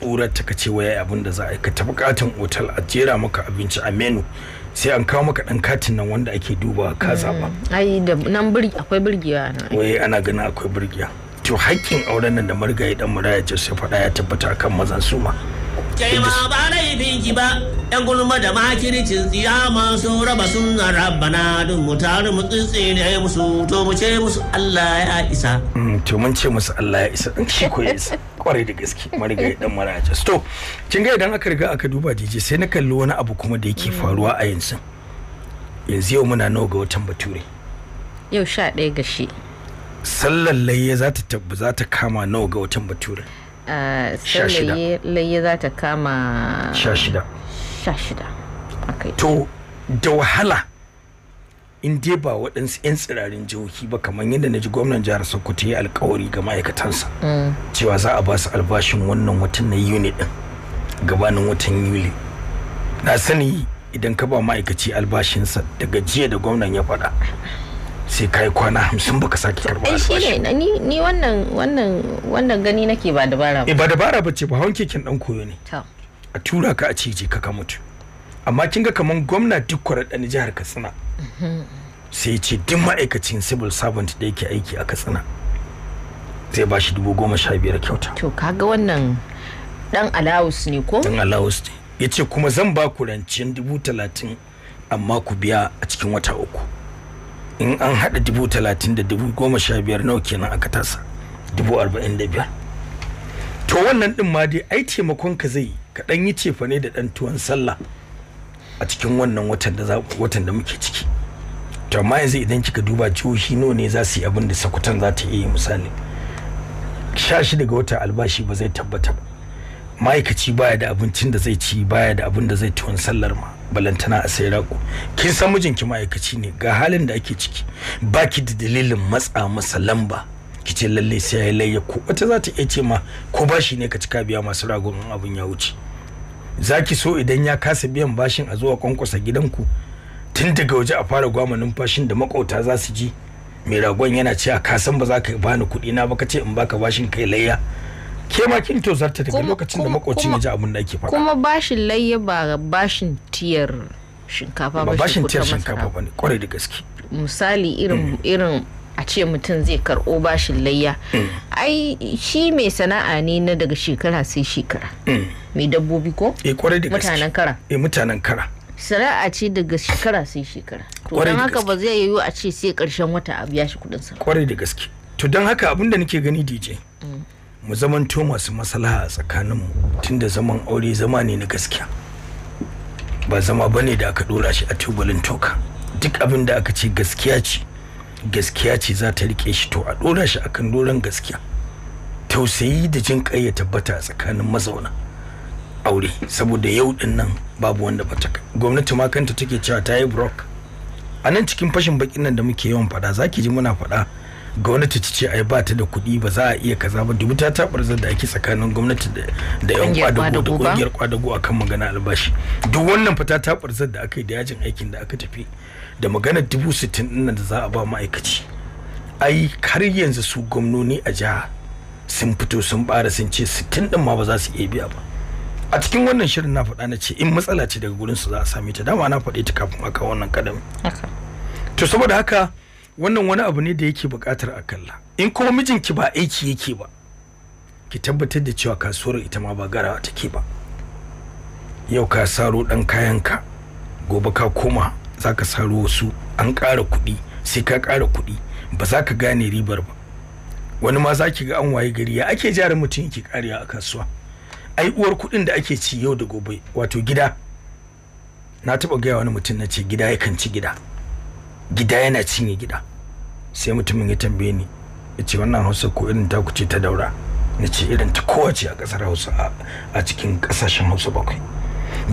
ta ka ce waya abin da za a yi ka tafi katin otal a jera maka abinci a menu sai an kawo maka dan katin nan wanda ake duba ka mm. zaba ai da nan burgi akwai burgiya na wai ana ganin akwai burgiya to haƙƙin auren nan da marigayi dan muraya sai faɗa ya tabbata kan mazan su ma. kai ma ba laifin ki ba yan gulma da makircin tsiya masu raba sunna rabbana dun mu tare mu musu to mu ce musu Allah ya isa mm, to mun ce musu Allah ya isa dan shi ko isa kwarai da gaske marigayi dan maraja to kin ga idan aka riga aka duba jiji sai na kalli wani abu kuma da yake faruwa a yanzu yanzu yau muna nawa ga watan bature yau sha ɗaya ga shi sallar layya za ta tabbu za ta kama nawa ga watan bature ah, layya za ta kama sha shida sha shida to da wahala in dai ba waɗansu 'yan tsirarin jihohi ba kamar yadda na ji gwamnan jihar sokoto ya alkawari ga ma'aikatansa cewa za a ba su albashin wannan watan na yuni din gabanin watan yuli na sani idan ka ba ma'aikaci albashinsa daga jiya da gwamnan ya faɗa sai ka yi kwana hamsin baka sake karɓa albashi ne ni wannan wannan wannan gani nake ba dabara ba eh, ba dabara ba ce ba hawan keken dan koyo ne a tura ka a ce je ka ka mutu amma kin ga kaman gwamna duk kwarar jihar katsina mhm. sai ce duk ma'aikacin civil servant da yake aiki a katsina zai ba shi dubu goma sha biyar kyauta to kaga wannan dan alawus ne ko dan alawus ne ya ce kuma zan ba ku rancen dubu talatin amma ku biya a cikin wata uku in an haɗa dubu talatin da dubu goma sha biyar nawa kenan aka tasa dubu arba'in da biyar to wannan din ma dai ai taimakon ka zai ka dan yi cefane ne da dan tuwon sallah a cikin wannan watan da watan da muke ciki to amma yanzu idan kika duba jihohi nawa ne za su yi abin da sakutan za ta iya misali sha shi daga wata albashi ba zai tabbata ba ma'aikaci baya da abincin da zai ci baya da abin da zai tuwon sallar ma balantana a sai rako kin san mijinki ma'aikaci ne ga halin da ake ciki baki da dalilin matsa masa lamba ki ce lalle sai ya layya ko wata za ta iya ce ma ko bashi ne ka cika biya masu ragon abin ya wuce zaki so idan ya kasa biyan bashin a zuwa kwankwasa gidanku tun daga waje a fara gwama numfashin da makota za su ji mai ragon yana cewa ka san ba za ka bani kuɗi na ba ka ce in baka bashin kai layya ke ma kin tozarta daga lokacin da makocin ya ji abin da ake faɗa kuma bashin layya ba bashin tiyar shinkafa ba bashin tiyar shinkafa ba ne kwarai da gaske misali irin mm. irin a ce mutum zai karɓo bashin layya mm. ai shi mai sana'a ne na daga shekara sai shekara mm. mai dabbobi ko eh, mutanen kara eh, mutanen kara shari'a ce daga shekara sai shekara to don haka ba zai yiwu a ce sai karshen wata a biya shi kudin sa kwarai da gaske to don haka abin da nake gani DJ mm. mu zamanto masu maslaha a tsakaninmu tunda zaman aure zama ne na gaskiya ba zama bane da aka dora shi a tubulin toka duk abin da aka ce gaskiya ce gaskiya ce za ta rike shi to a dora shi akan doran gaskiya tausayi da jin kai ya tabbata a tsakanin mazauna aure saboda yau din nan babu wanda ba ta gwamnati ma kanta take cewa ta yi brok a nan cikin fashin bakin nan da muke yawan fada za ki ji muna fada gwamnati ta ce ai ba ta da kuɗi ba za a iya kaza ba dubu ta taɓarzar da ake tsakanin gwamnati da yan kwadago da ƙungiyar kwadago akan magana albashi duk wannan fa ta da aka yi da yajin aikin da aka tafi da magana dubu sittin nan da za a ba ma'aikaci ai har yanzu su gwamnoni a jiha sun fito sun bara sun ce sittin din ma ba za su iya biya ba a cikin wannan shirin na faɗa na ce in matsala ce daga gurin su za a same ta dama na faɗe ta kafin aka wannan kadami to saboda haka wannan wani abu ne da yake buƙatar a kalla in kuma mijinki ba aiki yake ba ki tabbatar da cewa kasuwar ita ma ba gara take ba yau ka saro ɗan kayan ka gobe ka koma za ka saro wasu an ƙara kuɗi sai ka ƙara kuɗi ba za ka gane ribar ba wani ma za ki ga an waye gari ya ake jarin mutum yake ƙariya a kasuwa ai uwar kuɗin da ake ci yau da gobe wato gida na taba gaya wani mutum na ce gida yakan ci gida gida yana cinye gida sai mutumin ya tambaye ni ya ce wannan hausa ko irin ta kuce ta daura na ce irin ta kowace a ƙasar hausa a cikin kasashen hausa bakwai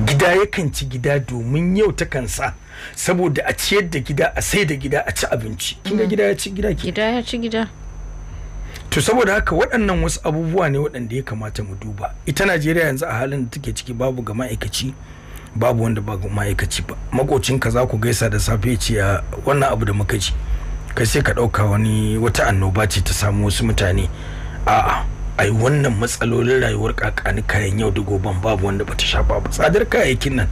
gida yakan ci gida domin yau ta kansa saboda a ciyar da gida a sai da gida a ci abinci kinga mm. gida ya ci gida gida ya ci gida to saboda haka waɗannan wasu abubuwa ne waɗanda ya kamata mu duba ita najeriya yanzu a halin da take ciki babu ga ma'aikaci babu wanda ba ga ma'aikaci ba makocinka za ku gaisa da safe ce a wannan abu da muka ji kai sai ka ɗauka wani wata annoba ce ta samu wasu mutane a'a ai wannan matsalolin rayuwar kakani kayan yau da goben babu wanda bata shafa ba tsadar kayayyakin nan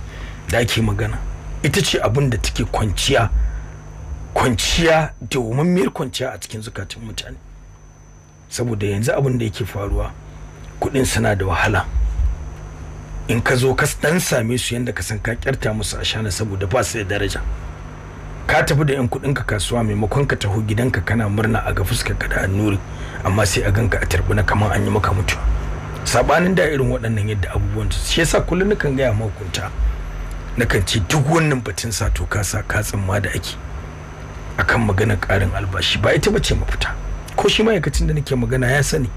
da ake magana ita ce abin da take kwanciya kwanciya dawwammiyar kwanciya a cikin zukatun mutane saboda yanzu abin da yake faruwa kuɗin suna da wahala in ka zo ka dan same su yadda ka san ka kyarta musu a ashana saboda ba su da daraja ka tafi da yan kuɗin ka kasuwa maimakon ka taho gidanka kana murna a ga fuskar ka da annuri amma sai a ganka a tarbuna kamar an yi maka mutuwa sabanin da irin waɗannan yadda abubuwan su shi yasa kullum nakan gaya mahukunta nakan ce duk wannan batun sa to ka sa ka tsamma da ake akan maganar ƙarin albashi ba ita bace mafita ko shi ma'aikacin da nake magana ya sani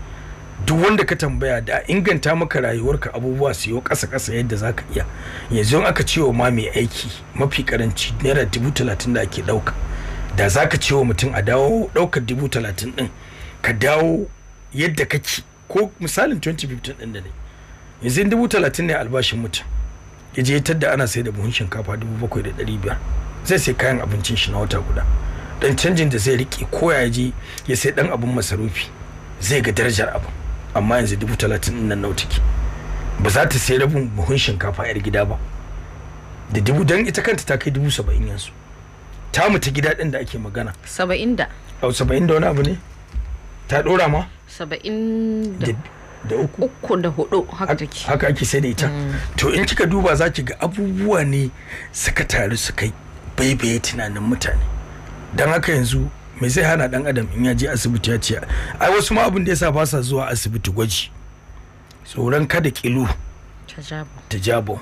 duk wanda ka tambaya da inganta maka rayuwarka abubuwa su yi kasa ƙasa yadda za ka iya yanzu in aka cewa ma mai aiki mafi karanci naira dubu talatin da ake ɗauka da za ka cewa mutum a dawo ɗaukar dubu talatin ɗin ka dawo yadda kake ko misalin 2015 ɗin da ne yanzu dubu talatin ne albashin mutum ya je tadda ana sai da buhun shinkafa dubu bakwai da ɗari biyar zai sai kayan abincin shi na wata guda dan canjin da zai rike ko ya je ya sai dan abun masarufi zai ga darajar abu amma yanzu dubu talatin nan nautiki ba za ta sai rabin buhun shinkafa yar gida ba da dubu dan ita kanta ta kai dubu saba'in yanzu ta ta gida din da ake magana saba'in da au saba'in da wani abu ne ta dora ma saba'in da da uku uku da hudu haka take haka ake sai da ita mm. to in kika duba za ki ga abubuwa ne suka taru suka baibaye tunanin mutane dan haka yanzu me zai hana dan adam in ya je asibiti ya ce ai wasu ma abin da yasa ba sa zuwa asibiti gwaji tsoron kada kilo tajabo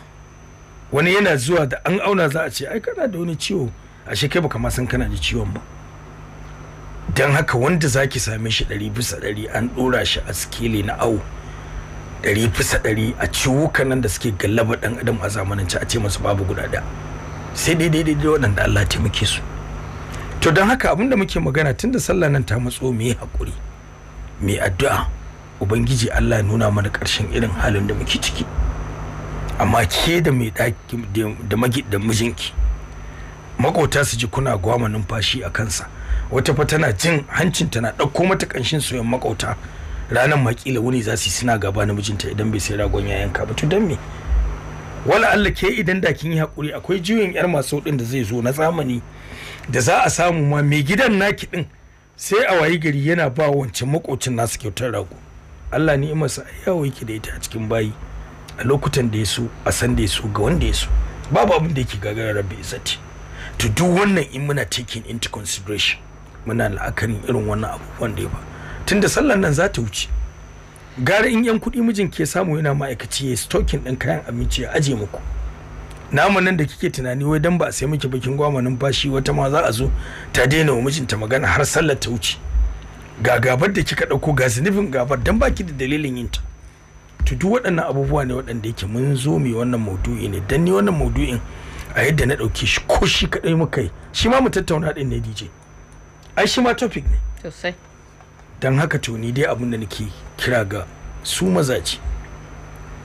wani yana zuwa da an auna za a ce ai kana da wani ciwo a kai baka ma san kana da ciwon ba don haka wanda zaki same shi ɗari bisa ɗari an ɗora shi a sikeli na awo ɗari bisa ɗari a ciwo nan da suke gallaba ɗan adam a zamanance a ce masu babu guda ɗaya sai dai daidai waɗanda Allah taimake su. to don haka da muke magana tunda sallah nan ta matso mu yi hakuri mai addu'a ubangiji Allah nuna mana karshen irin halin da muke ciki amma ke da mai daki da magi da mijinki makota su ji kuna gwama numfashi a kansa wata fa tana jin hancin tana ɗauko mata kanshin soyayyen makota ranar makila wuni za su suna gaba na mijinta idan bai sai ragon ya yanka ba to dan me wala Allah ke idan da kin yi hakuri akwai juyin yar masu din da zai zo na zamani da za a samu ma mai gidan naki din sai a wayi gari yana ba wancan makocin nasu kyautar rago Allah ni masa yawo yake da ita a cikin bayi a lokutan da ya so a san da ya so ga wanda ya so babu abin da yake gagara rabbi izzati to duk wannan in muna taking into consideration muna la'akarin irin wannan abubuwan da ya ba tunda sallar nan za ta wuce gara in yan kuɗi mijin ke samu yana ma'aikaci ya yi stokin ɗin kayan abinci ya aje muku namu nan da kike tunani wai dan ba sai miki bakin gwamma numfashi wata ma za a zo ta daina wa mijinta magana har sallar ta wuce ga gabar da kika ɗauko ga zunubin gabar dan baki da dalilin yin ta to duk waɗannan abubuwa ne waɗanda yake mun zo mai wannan maudu'i ne dan ni wannan maudu'in a yadda na dauke shi ko shi kaɗai muka yi shi ma mu tattauna ɗin ne DJ ai shi ma topic ne sosai dan haka to ni dai abin da nake kira ga su mazaji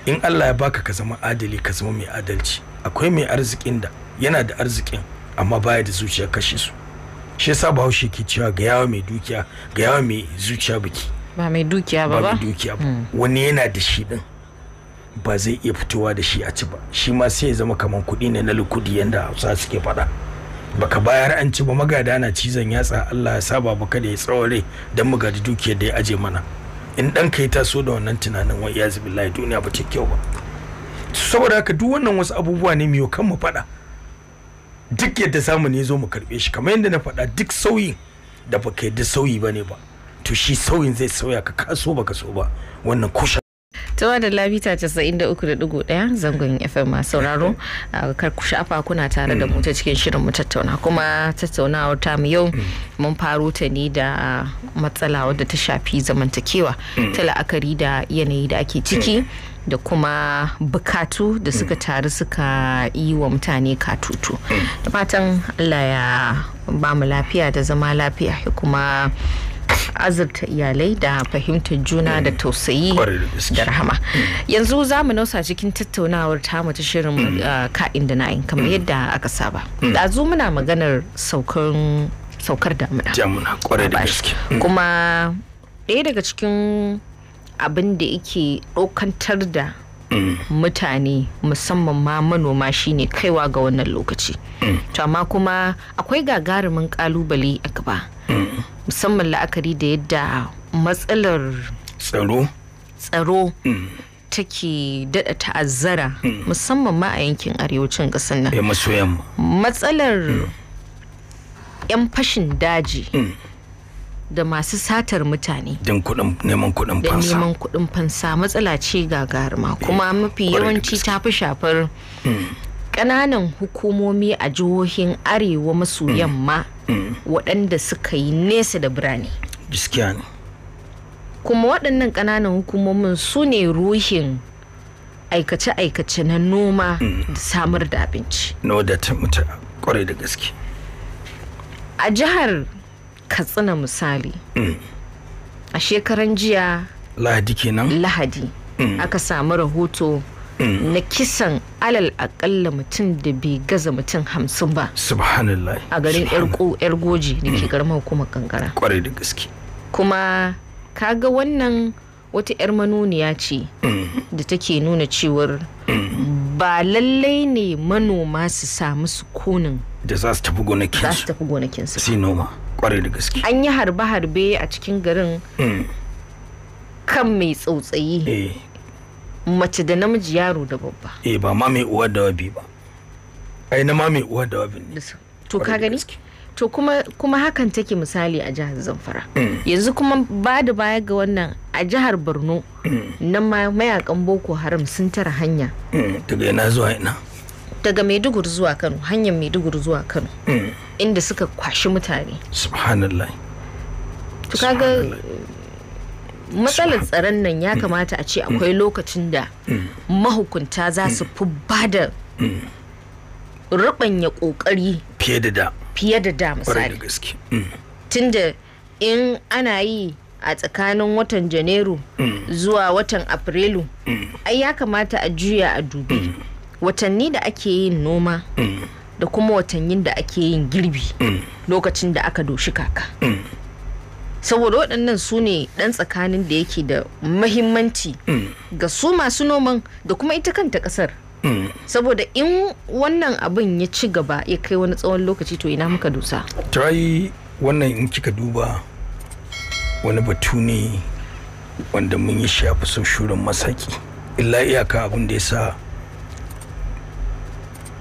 in Allah ya baka ka zama adali ka zama mai adalci akwai mai arzikin da yana da arzikin amma baya da zuciya kashe su shi yasa bahaushe ke cewa ga yawa mai dukiya ga yawa mai zuciya biki ba mai dukiya ba ba dukiya ba hmm. wani yana da shi din ba zai iya fitowa da shi a ci ba shi ma sai ya zama kamar kuɗi ne na likudi yanda hausa suke faɗa baka bayar an ci ba magada na cizon yatsa Allah ya saba baka kada ya tsaware don magadi dukiyar da ya aje mana in ɗanka ya taso da wannan tunanin wai ya zubi duniya ba ta kyau ba saboda haka duk wannan wasu abubuwa ne miyo kan mu faɗa duk yadda zamu ne zo mu karɓe shi kamar yadda na faɗa duk sauyi da ba ka yadda sauyi ba ne ba to shi sauyin zai sauya ka kaso ba ka so ba wannan kusha tawa da labita 93.1 zangon fm ma sauraro ah, kar ku shafa kuna tare da mu ta cikin shirin mu tattauna kuma tattaunawar ta mu yau mm. mun faro ta ne da matsala wadda ta shafi zamantakewa mm. ta la'akari da yanayi da ake ciki mm. da kuma bukatu da suka mm. taru suka yi wa mutane katutu da fatan allah ya ba mu lafiya da zama lafiya ya kuma azurta iyalai da fahimtar juna da mm. tausayi da rahama mm. yanzu za mu nausa cikin tattaunawar tamu ta shirin uh, ka'in da na'in kamar yadda aka saba da zo muna maganar saukar damuna kuma ɗaya daga cikin abin da yake ɗaukantar da mutane musamman ma manoma shine kaiwa ga wannan lokaci to amma kuma akwai gagarumin kalubale a gaba musamman la'akari da yadda matsalar tsaro tsaro mm. take daɗa ta'azzara mm. musamman ma a yankin arewacin ƙasar nan eh, matsalar 'yan mm. fashin daji da masu satar mutane don kudin neman kudin fansa da neman kudin fansa matsala ce gagarima eh, kuma mafi yawanci ta fi shafar Kananan hmm. hukumomi a jihohin arewa maso hmm. yamma hmm. waɗanda suka yi nesa da birane gaskiya ne kuma waɗannan kananan hukumomin su ne ruhin aikace-aikace na noma da samar da abinci no da ta mutu kwarai da gaske a jihar katsina misali mm. a shekaran jiya lahadi kenan lahadi mm. aka samu rahoto mm. na kisan alal akalla mutum da bai gaza mutum hamsin ba a garin yar goji da ke garma hukumar kankara kwarai da gaske kuma kaga wannan wata 'yar manoniya ce da take nuna cewar ba lallai ne manoma su samu sukunin da za su tafi gonakinsu za su tafi gonakinsu noma kwarai da gaske an yi harbe-harbe a cikin garin hmm. kan mai tsautsayi eh. mace da namiji yaro da babba eh ba ma mai uwar da wabi ba ai na ma mai uwar da wabi ne to ka gani to kuma kuma hakan take misali a jihar zamfara hmm. yanzu kuma ba da baya ga wannan a jihar borno hmm. nan mayakan boko haram sun tara hanya daga yana zuwa ina daga maiduguri zuwa kano hanyar maiduguri zuwa kano hmm. inda suka kwashi mutane subhanallah kaga matsalar tsaron nan ya hmm. kamata a ce hmm. akwai lokacin da mahukunta za su fi ba da rubanya kokari fiye da da fiye da da misali tunda in ana yi a tsakanin watan janairu zuwa watan afrilu ai ya kamata a juya a dubi watanni da ake yin noma da kuma watannin da ake yin girbi lokacin da aka doshi kaka saboda waɗannan su ne ɗan tsakanin da yake da mahimmanci ga su masu noman da kuma ita kanta ƙasar saboda in wannan abin ya ci gaba ya kai wani tsawon lokaci to ina muka dusa yi wannan in kika duba wani batu ne wanda mun yi shafi sau masaki illa iyaka abin da ya sa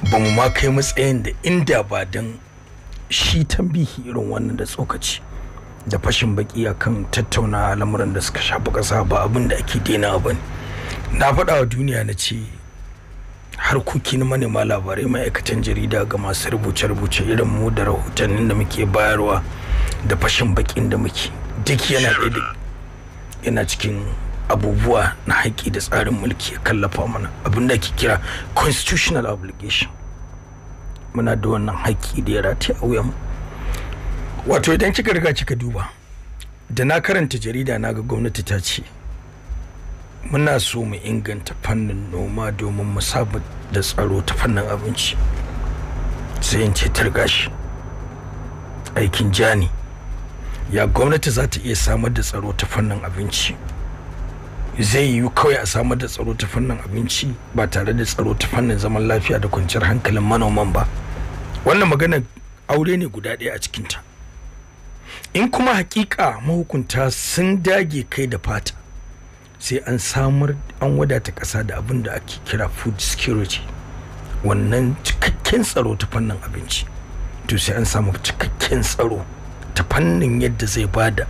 ba mu ma kai matsayin da inda ba don shi tambihi irin wannan da tsokaci da fashin baki akan tattauna lamuran da suka shafi ƙasa ba abin da ake daina ba ne na faɗa wa duniya na ce harkokin na manema labarai ma'aikatan jarida ga masu rubuce-rubuce irin mu da rahotannin da muke bayarwa da fashin bakin da muke duk yana cikin abubuwa na haƙƙi da tsarin mulki ya kallafa mana abin da ake kira constitutional obligation muna da wannan haƙƙi da ya rati a wuyan wato idan kika riga kika duba da na karanta jarida na ga gwamnati ta ce muna so mu inganta fannin noma domin mu saba da tsaro ta fannin abinci sai in ce targashi aikin jani ya gwamnati za ta iya samar da tsaro ta fannin abinci zai yiwu kawai a samar da tsaro ta fannin abinci ba tare da tsaro ta fannin zaman lafiya da kwanciyar hankalin manoman ba wannan magana aure ne guda ɗaya a cikinta in kuma hakika mahukunta sun dage kai da fata sai an samar an wadata ƙasa da abin da ake kira food security wannan cikakken tsaro ta fannin abinci to sai an samu cikakken tsaro ta fannin yadda zai bada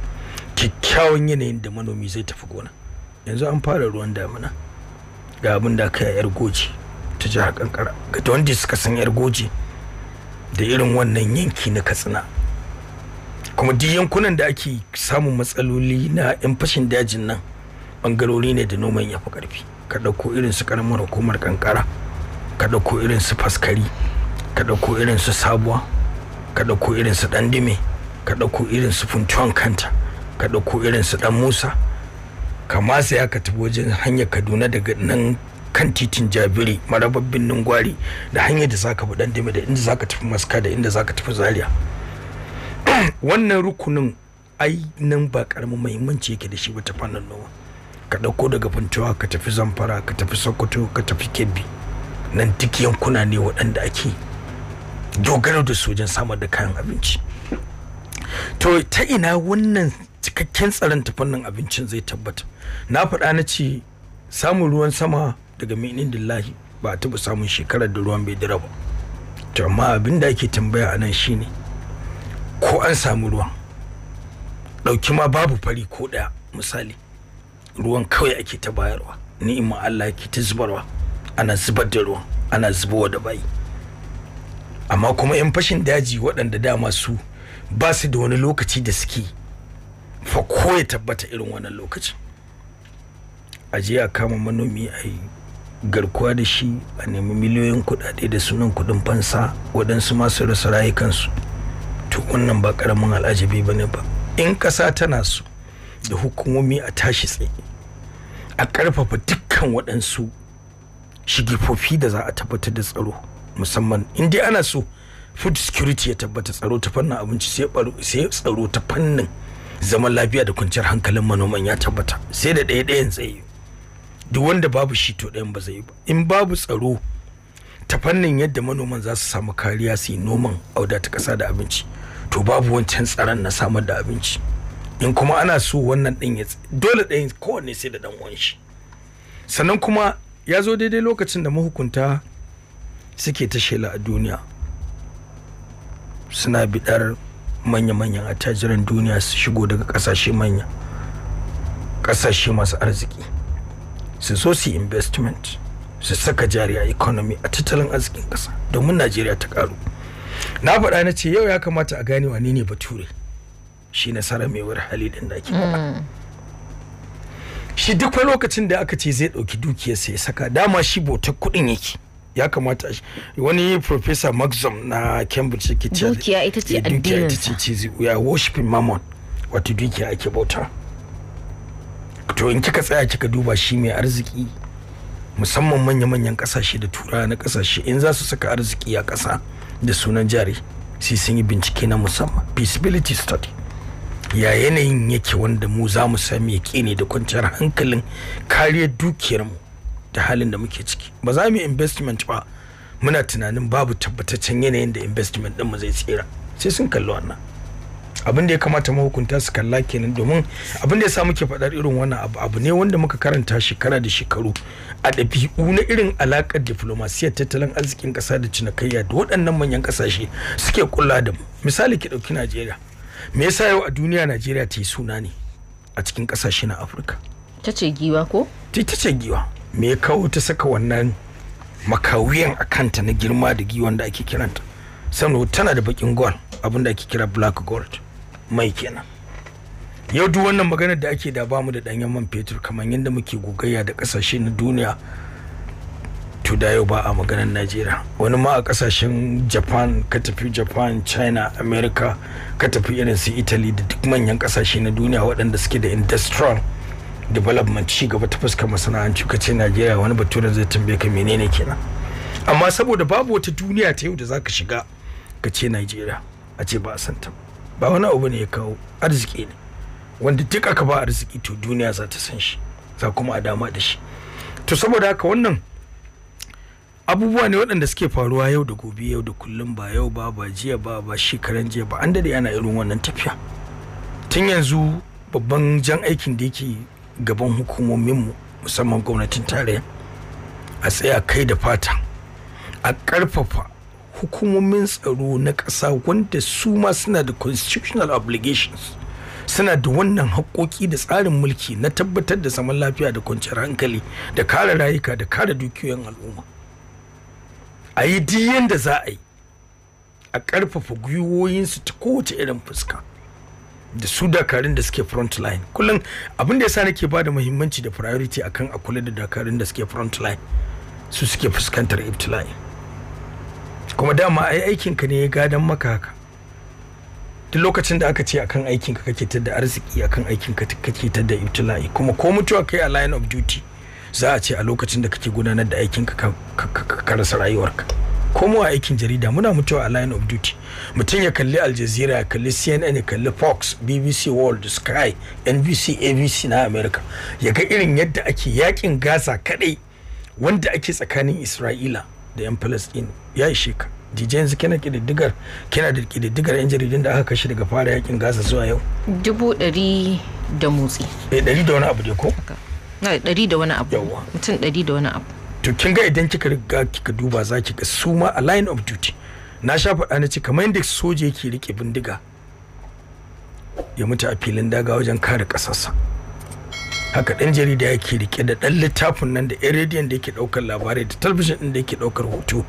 kyakkyawan yanayin da manomi zai tafi gona yanzu an fara ruwan damina ga abin da aka yar goji ta jihar kankara ga wanda suka san yar goji da irin wannan yanki na katsina kuma duk yankunan da ake samun matsaloli na yan fashin dajin nan bangarori ne da noman ya fi karfi ka ɗauko irin su karamar hukumar kankara ka ɗauko irin su faskari ka ɗauko irin su sabuwa ka ɗauko irin su dime ka ɗauko irin su funtuwan kanta ka ɗauko irin su ɗan musa kamasa ya ka tafi wajen hanyar kaduna daga nan kan titin jabiri marabar birnin gwari da hanyar da zaka bi dan dame da inda zaka tafi maska da inda zaka tafi zaria wannan rukunin ai nan ba karamin muhimmanci yake da shi ba ta fannin noma ka dauko daga fintuwa ka tafi zamfara ka tafi sokoto ka tafi kebbi nan duk yankuna ne waɗanda ake dogaro da su wajen samar da kayan abinci to ta ina wannan cikakken tsaron ta fannin abincin zai tabbata na faɗa na ce samun ruwan sama daga minin dillahi ba taɓa samun shekarar da ruwan bai dira ba to amma abin da ake tambaya a nan shine ko an samu ruwan ɗauki ma babu fari ko ɗaya misali ruwan kawai ake ta bayarwa ni'ima Allah yake ta zubarwa ana zubar da ruwan ana zubowa da bayi amma kuma 'yan fashin daji waɗanda dama su ba su da wani lokaci da suke yi. fa ko ya tabbata irin wannan lokaci a je a kama manomi a yi garkuwa da shi a nemi miliyoyin kudade da sunan kudin fansa waɗansu masu rasa rayukansu to wannan ba karamin al'ajabi ba ne ba in ƙasa tana so da hukumomi a tashi tsaye a ƙarfafa dukkan waɗansu shigifofi da za a tabbatar da tsaro musamman in dai ana so food security ya tabbata tsaro ta fannin abinci sai tsaro ta fannin zaman lafiya da kwanciyar hankalin manoman ya tabbata sai da ɗaya ɗayan tsaye duk wanda babu shi to ɗayan ba zai yi ba in babu tsaro ta fannin yadda manoman za su samu kariya su yi noman auda ta ƙasa da abinci to babu wancan tsaron na samar da abinci in kuma ana so wannan ɗin ya dole ɗayan kowanne sai da ɗan uwan shi sannan kuma ya zo daidai lokacin da mahukunta suke ta shela a duniya suna biɗar manya-manyan attajiran duniya su shigo daga kasashe manya kasashe masu arziki su so su investment su saka jari a economy a tattalin arzikin kasa domin najeriya ta karu na faɗa na ce yau ya kamata a gane wane ne bature shi nasara mai wuri hali da ake ba. Hmm. shi duk lokacin da aka ce zai ɗauki dukiyarsa ya saka dama shi bautar kuɗin yake ya kamata a wani professor maxim na cambridge ke ce dukiya ita ce eh, addinin ita ce ya worshiping mammon wato dukiya ake bauta to in kika tsaya kika duba shi mai arziki musamman manya-manyan kasashe da tura na kasashe in za su saka arziki a kasa da sunan jari sai sun yi bincike na musamman feasibility study ya yanayin yake wanda mu za mu sami ne da kwanciyar hankalin kariyar dukiyarmu da halin da muke ciki ba za mu yi investment ba muna tunanin babu tabbataccen yanayin da investment mu zai tsira sai sun kalli wannan abin da ya kamata mahukunta su kalla kenan domin abin da ya sa muke faɗar irin wannan abu abu ne wanda muka karanta shekara da shekaru a ɗabi'u na irin alaƙar diflomasiyyar tattalin arzikin ƙasa da cinikayya da waɗannan manyan ƙasashe suke kulla da mu misali ki ɗauki najeriya me yasa yau a duniya najeriya ta yi suna ne a cikin ƙasashe na afirka ta ce giwa ko ta ce giwa me ya kawo ta saka wannan makawiyan a kanta na girma da giwon da ake kiranta sannan tana da bakin gold abin da ake kira black gold mai kenan yau duk wannan maganar da ake da bamu da danyen man fetur kamar yadda muke gogayya da kasashe na duniya to da yau ba a maganar najeriya wani ma a kasashen japan ka tafi japan china america ka tafi irin su italy da duk manyan kasashe na duniya waɗanda suke da industrial development ci gaba ta fuskar masana'antu ka ce najeriya wani batun zai tambaye ka menene kenan amma saboda babu wata duniya ta yau da zaka shiga ka ce najeriya a ce ba san ta ba wani abu ne ya kawo arziki ne wanda duk aka ba arziki to duniya za ta san shi za kuma a dama da shi to saboda haka wannan abubuwa ne waɗanda suke faruwa yau da gobe yau da kullum ba yau ba ba jiya ba ba shekaran jiya ba an dade ana irin wannan tafiya tun yanzu babban jan aikin da yake gaban hukumominmu musamman gwamnatin tarayya a tsaya kai da fata a ƙarfafa hukumomin tsaro na ƙasa wanda su ma suna da constitutional obligations suna da wannan haƙoƙi da tsarin mulki na tabbatar da zaman lafiya da kwanciyar hankali da kare rayuka da kare dukiyoyin al'umma a yi diyan za a yi a ƙarfafa gwiwoyinsu ta kowace irin fuska da su dakarun da suke front line kullum abin da yasa nake bada muhimmanci da priority akan a kula da dakarun da suke front line su suke fuskantar ibtila'i kuma dama ai aikin ka ne ya gadan maka haka duk lokacin da aka ce akan aikin ka kake tada arziki akan aikin ka kake tada ibtila'i kuma ko mutuwa kai a line of duty za a ce a lokacin da kake gudanar da aikin ka ka rasa rayuwarka komo a aikin jarida muna mutuwa a line of duty mutum ya kalli aljazeera ya kalli cnn ya kalli fox bbc world sky nbc abc na america ya ga irin yadda ake yakin gasa kadai wanda ake tsakanin isra'ila da yan palestine ya yi sheka dj yanzu kina kididdigar kina da kididdigar yan jaridun da aka kashe daga fara yakin gasa zuwa yau dubu ɗari da motsi eh, ɗari da wani abu dai ko ɗari da wani abu mutum ɗari da wani abu to kin ga idan kika riga kika duba za ki ga su ma a line of duty na sha faɗa na ce kamar yadda soja yake rike bindiga ya mutu a filin daga wajen kare ƙasarsa haka ɗan jarida yake riƙe da ɗan littafin nan da ɗan rediyon da yake ɗaukar labarai da talabijin ɗin da yake ɗaukar hoto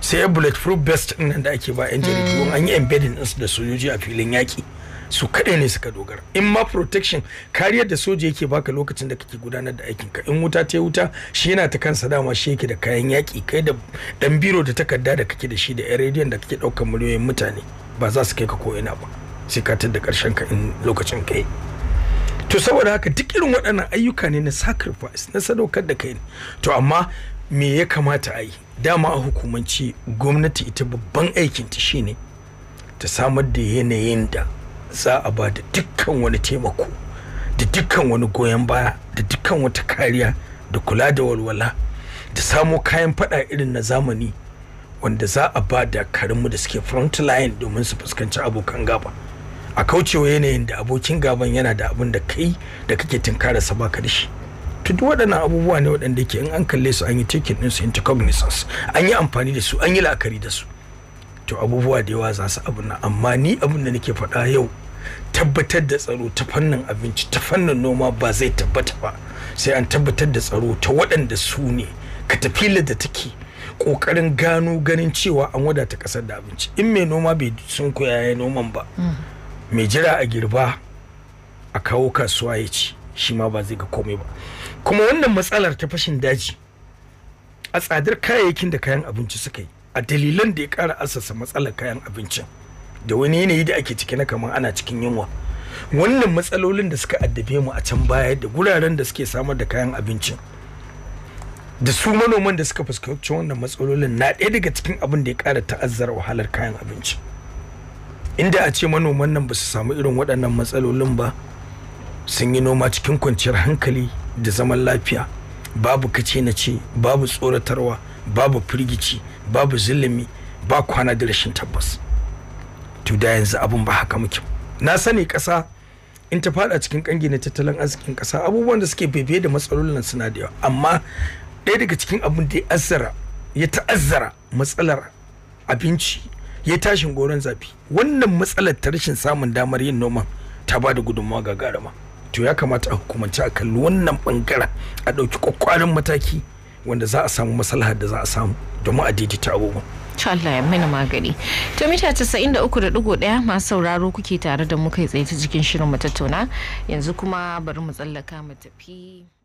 sai bulletproof vest ɗin nan da ake ba yan jaridu an yi embedding ɗinsu da sojoji a filin yaƙi su kaɗai ne suka dogara in ma protection kariyar da soja yake baka lokacin da kake gudanar da ka in wuta ta yi wuta shi yana ta kansa dama shi yake da kayan yaki kai da dan biro da takarda da kake da shi da 'yan rediyon da kake ɗaukar miliyoyin mutane ba za su kai ka ko'ina ba sai ka da ƙarshen ka in lokacin kai to saboda haka duk irin waɗannan ayyuka ne na sacrifice na sadaukar da kai ne to amma me ya kamata a yi dama a hukumance gwamnati ita babban aikinta shine ta samar da yanayin da za a ba da dukkan wani taimako da dukkan wani goyon baya da dukkan wata kariya da kula da walwala da samo kayan fada irin na zamani wanda za a ba da karinmu da suke front line domin su fuskanci abokan gaba a kaucewa yanayin da abokin gaban yana da abin da kai da kake tunkara sa baka da shi to duk waɗannan abubuwa ne waɗanda ke in an kalle su an yi taking din su into cognizance an yi amfani da su an yi la'akari da su to abubuwa da yawa za su abin amma ni abin da nake faɗa yau tabbatar da tsaro ta fannin abinci ta fannin noma ba zai tabbata ba sai an tabbatar da tsaro ta waɗanda su ne Ka tafi da take ƙoƙarin gano ganin cewa an wadata ƙasar da abinci in mai noma bai sun koya noman ba mm. mai jira a girba a kawo kasuwa ya ci shi ma ba zai ga komai ba kuma wannan matsalar ta fashin daji a tsadar kayayyakin da kayan abinci suka yi a dalilan da ya ƙara asasa matsalar kayan abincin da wani yanayi da ake ciki na kamar ana cikin yunwa wannan matsalolin da suka addabe mu a can baya da guraren da suke samar da kayan abinci da su manoman da suka fuskanci wannan matsalolin na ɗaya daga cikin abin da ya ƙara ta'azzara wahalar kayan abinci inda a ce manoman nan ba su samu irin waɗannan matsalolin ba sun yi noma cikin kwanciyar hankali da zaman lafiya babu kace na ce babu tsoratarwa babu firgici babu zulumi ba kwana da rashin tabbas to da yanzu abun ba haka muke na sani kasa in ta fada cikin kangi na tattalin arzikin kasa abubuwan da suke bebe da matsalolin suna da yawa amma ɗaya daga cikin abin da ya azzara ya ta'azzara matsalar abinci ya tashin goron zafi wannan matsalar ta rashin samun damar yin noma ta ba da gudunmawa ga garama to ya kamata a hukumance a kalli wannan bangaren a ɗauki kwakwarin mataki wanda za a samu maslahar da za a samu domin a daidaita abubuwan to Allah ya mana magani to mita 93.1 masu sauraro kuke tare da mu kai tsaye ta jikin shirin mu yanzu kuma bari mu tsallaka mu tafi